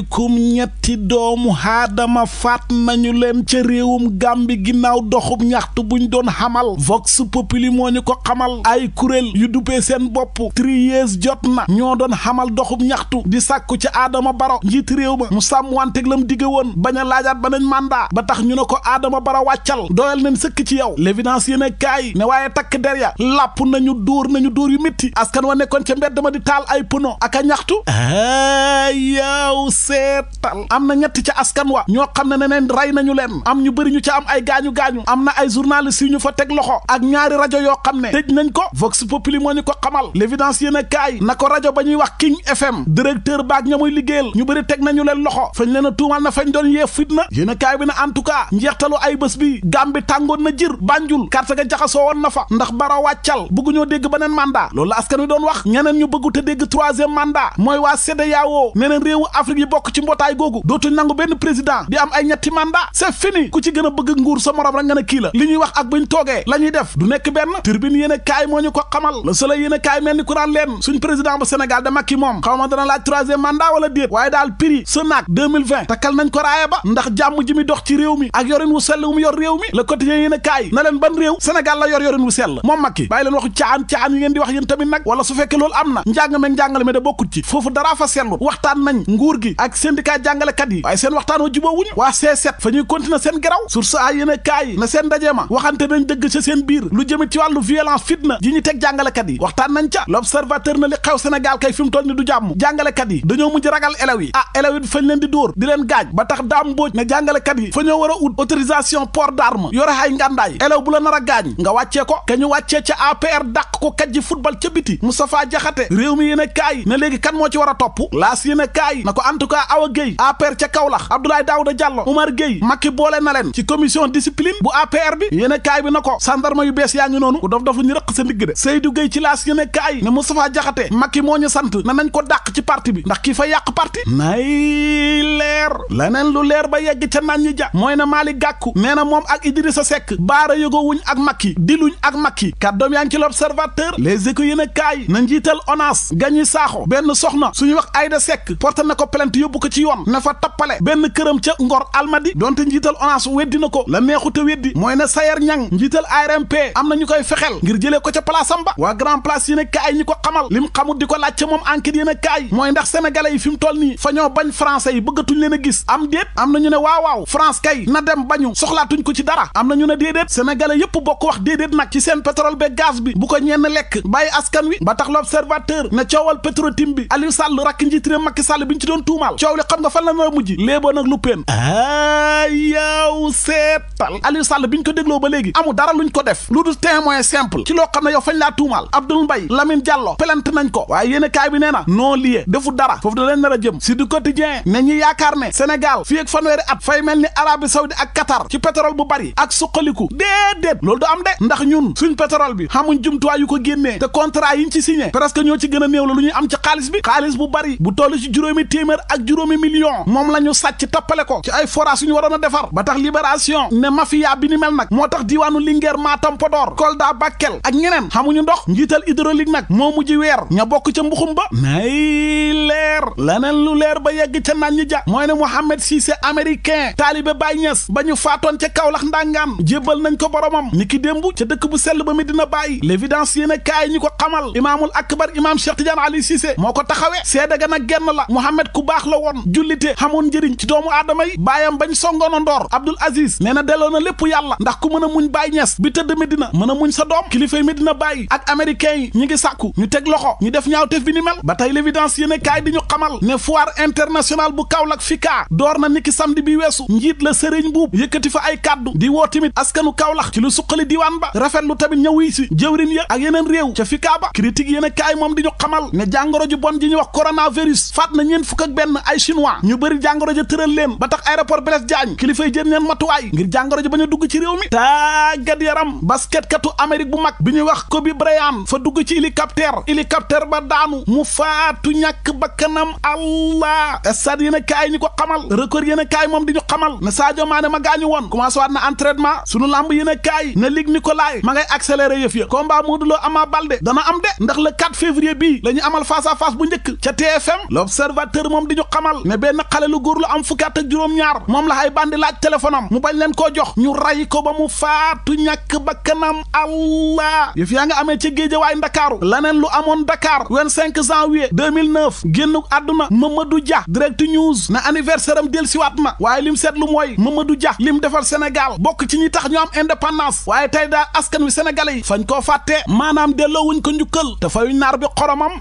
aleykum ñetti doomu aadama faat nañu leen ca réewum Gàmbi ginnaaw doxub ñaxtu bu ñu doon xamal vox populi moo ñu ko xamal ay kuréel yu duppee seen bopp triees jot na ñoo doon xamal doxub ñaxtu di sàkku ca Adama Baro njiit réew ma mu sàmm wanteeg lam digge woon bañ a laajaat beneen mandat ba tax ñu ne ko Adama Baro wàccal doyal nañ sëkk ci yow l'évidence yéene kaay ne waaye takk der ya làpp nañu dóor nañu dóor yu métti askan wa nekkoon ca mbe ma di taal ay pono ak a seetal am na ñetti ca askan wa ñoo xam ne neneen rey nañu leen am ñu bari ñu ca am ay gaañu-gaañu am na ay journalistes yu ñu fa teg loxo ak ñaari rajo yoo xam ne tëj nañ ko Vox Populi moo ñu ko xamal l'évidence yéen a kaay na ko rajo ba ñuy wax King FM directeur baak ña muy liggéeyal ñu bëri teg nañu leen loxo fañ leen a tuumal na fañ doon yee fitna yéen a kaay bi na en tout cas njeextalu ay bés bi Gàmbi tàngoon na jir Banjul carte ga jaxasoo woon na fa ndax bara wàccal bëgguñoo dégg beneen mandat loolu askan wi doon wax ñeneen ñu bëggu te dégg troisième mandat mooy waa CEDEAO neneen bokk ci mbootaay googu dootuñ nangu benn président di am ay ñetti mandat c'est ku ci gën a bëgg nguur sa morom rek nga ne kii la li ñuy wax ak buñ toogee la ñuy def du nekk benn turbine yéen a kaay moo ñu ko xamal le soleil yéen a mel ni ku naan leen suñ président bu Sénégal de Macky moom xaw ma dana laaj troisième mandat wala déet waaye daal prix Sonac 2020 takkal nañ ko raaya ba ndax jàmm ji mi dox ci réew mi ak yorin wu sell wu mu yor réew mi le quotidien yéen a ban réew Sénégal la yor yorin wu sell moom Macky bàyyi leen waxu caaxaan caaxaan wax yéen tamit nag wala su fekkee am na njàng me njàngale me da bokkut ci foofu daraa fa sellul waxtaan nañ gi ak seen di syndicat jàngalekat yi waaye seen waxtaan wa jubóo wuñu waa c fa ñuy continuer seen geraw source a yéen a kaay na seen ndaje ma waxante nañ dëgg ca seen biir lu jëmit ci wàllu violence fitna ji ñu teg jàngalekat yi waxtaan nañ ca l'observateur na li xew Sénégal kay fi mu toll ni du jàmm jàngalekat yi dañoo mujj ragal élèves yi ah élèves yi leen di dóor di leen gaaj ba tax daam mbóoj ne jàngalekat yi fa ñoo war a ut autorisation port d'arme yore ay ngàndaay élève bu la nar a gaañ nga wàccee ko ka ñu wàccee ca APR dàq ko kajji football ca biti Moustapha Jaxate réew mi yéen a kaay na léegi kan moo ci war a topp laas yéen a kaay na cas Awa Gueye APR ca Kaolack Abdoulaye a Diallo Oumar Gueye Macky boole na leen ci commission discipline bu APR bi yéen bi na ko sandarma bees yaa ngi noonu ku dof dof rëq sa ndigg de Seydou Gueye ci laas yéen ne Moustapha Diakhaté Macky moo ñu sant na nañ ko dàq ci parti bi ndax kii fa yàq parti nay leer leneen lu leer ba yegg ca naan ñi ja mooy na Malick Gakou nee na moom ak Idrissa Seck baara yëgoo wuñ ak Macky diluñ ak Macky kàddoom yaa ngi yóbbu ko ci yoon na fa tappale benn këram ca Ngor Almadi donte njiital ONAS weddi ko la neexute weddi mooy ne Sayer Ñang njiital ARMP am na ñu koy fexel ngir jëlee ko ca place ba waa grand place yi ne ñi ko xamal lim xamut di ko laaj ca moom enquête yi ne kaay mooy ndax sénégalais yi fi nii fa ñoo bañ français yi bëggatuñ leen gis am déet am na ñu ne waaw waaw kay na dem bañu soxlaatuñ ko ci dara am na ñu ne déedéet sénégalais taal coow li xam nga fan la nar a mujj léeboo nag lu peen a yaaw seetal Aliou Sall bi ko dégloo ba léegi amul dara luñ ko def lu dul témoin simple ci loo xam ne yow fañ laa tuumaal Abdoul Mbaye Lamine Diallo pelante nañ ko waaye yéen kaay bi nee na non lié defu dara foofu da leen nar a jëm si du quotidien ne ñi yaakaar ne Sénégal fii ak fanweeri at fay mel ni Arabie Saoudi ak Qatar ci pétrole bu bari ak suqaliku déedéet loolu du am de ndax ñun suñ pétrole bi xamuñ jumtuwaay yu ko génnee te contrat yiñ ci signé presque ñoo ci gën a lu ñuy am xaalis bi xaalis bu bari bu toll juróomi téeméer ak ak juróomi million moom la ñu sàcc tappale ko ci ay forage yu ñu waroon a defar ba tax libération ne mafia bi ni mel nag moo tax diiwaanu Linguère Matam Podor Kolda Bakel ak ñeneen xamuñu ndox njiital hydraulique nag moo mu ji weer ña bokk ca mbuxum ba nay leer laneen lu leer ba yegg ca naan ñi ja mooy ne Mohamed Cissé américain taalibe Baye Niass ba ñu faatoon ca Kaolack ndangaan jébbal nañ ko boromam ni ki démb ca dëkk bu sell ba mi dina bàyyi l'évidence a kaay ñi ko xamal imaamul akbar imaam Cheikh Tidiane Ali Cissé moo ko taxawee seede ga nag genn la Mohamed ku baax la woon jullite xamoon njëriñ ci doomu adama yi baayam bañ songoon ndoor Abdul Aziz nee na delloo na lépp yàlla ndax ku mën a muñ Baay Ñas bi tëdd Medina mën a muñ sa doom kilifay Medina Baay ak américain yi ñu ngi sàkku ñu teg loxo ñu def ñaawteef bi ni mel ba tey l'évidence yéen kaay di ñu xamal ne foire internationale bu Kaolack FICCA door na niki samedi bi weesu njiit la Serigne Buub yëkkati fa ay kàddu di woo tamit askanu Kaolack ci lu suqali diwaan ba rafetlu tamit ñëwuy si jëwrin ak yeneen réew ca FICCA ba critique yéen kaay moom di ñu xamal ne jàngoro ju bon ñu wax coronavirus faat na ñeen benn na ay chinois ñu bëri jàngoro ja tëral leen ba tax aéroport Blaise Diagne kilifay jël neen matuwaay ngir jàngoro ja dugg ci réew mi tàggat yaram basket katu Amérique bu mag bi ñu wax Kobe Bryant fa dugg ci hélicoptère hélicoptère ba daanu mu faatu ñàkk bakkanam allah stade yéen a kaay ñi ko xamal record yéen a moom di ñu xamal ne Sadio Mané ma gaañu woon commencé na entraînement sunu lamb yéen a kaay ne Ligue Nicolas ma ngay accéléré yëf ya combat Modou Lo Ama am de njëkk ca moom di ñu xamal ne benn xale lu góor lu am fukki at juróom-ñaar moom la ay bandi laaj téléphone am mu bañ leen koo jox ñu ray ko ba mu faatu ñàkk bakkanam allah yëf yaa nga amee ca géejawaay ndakaaru laneen lu amoon ndakaar Dakar 25 janvier 2009 génnu àdduna Mamadou Dia direct news na anniversaire am del siwaat na waaye lim seetlu mooy Mamadou Dia lim defal Sénégal bokk ci ñi tax ñu am indépendance waaye tey daal askan wi sénégalais yi fañ koo fàtte maanaam delloo wuñ ko njukkal te fayuñ naar bi xoromam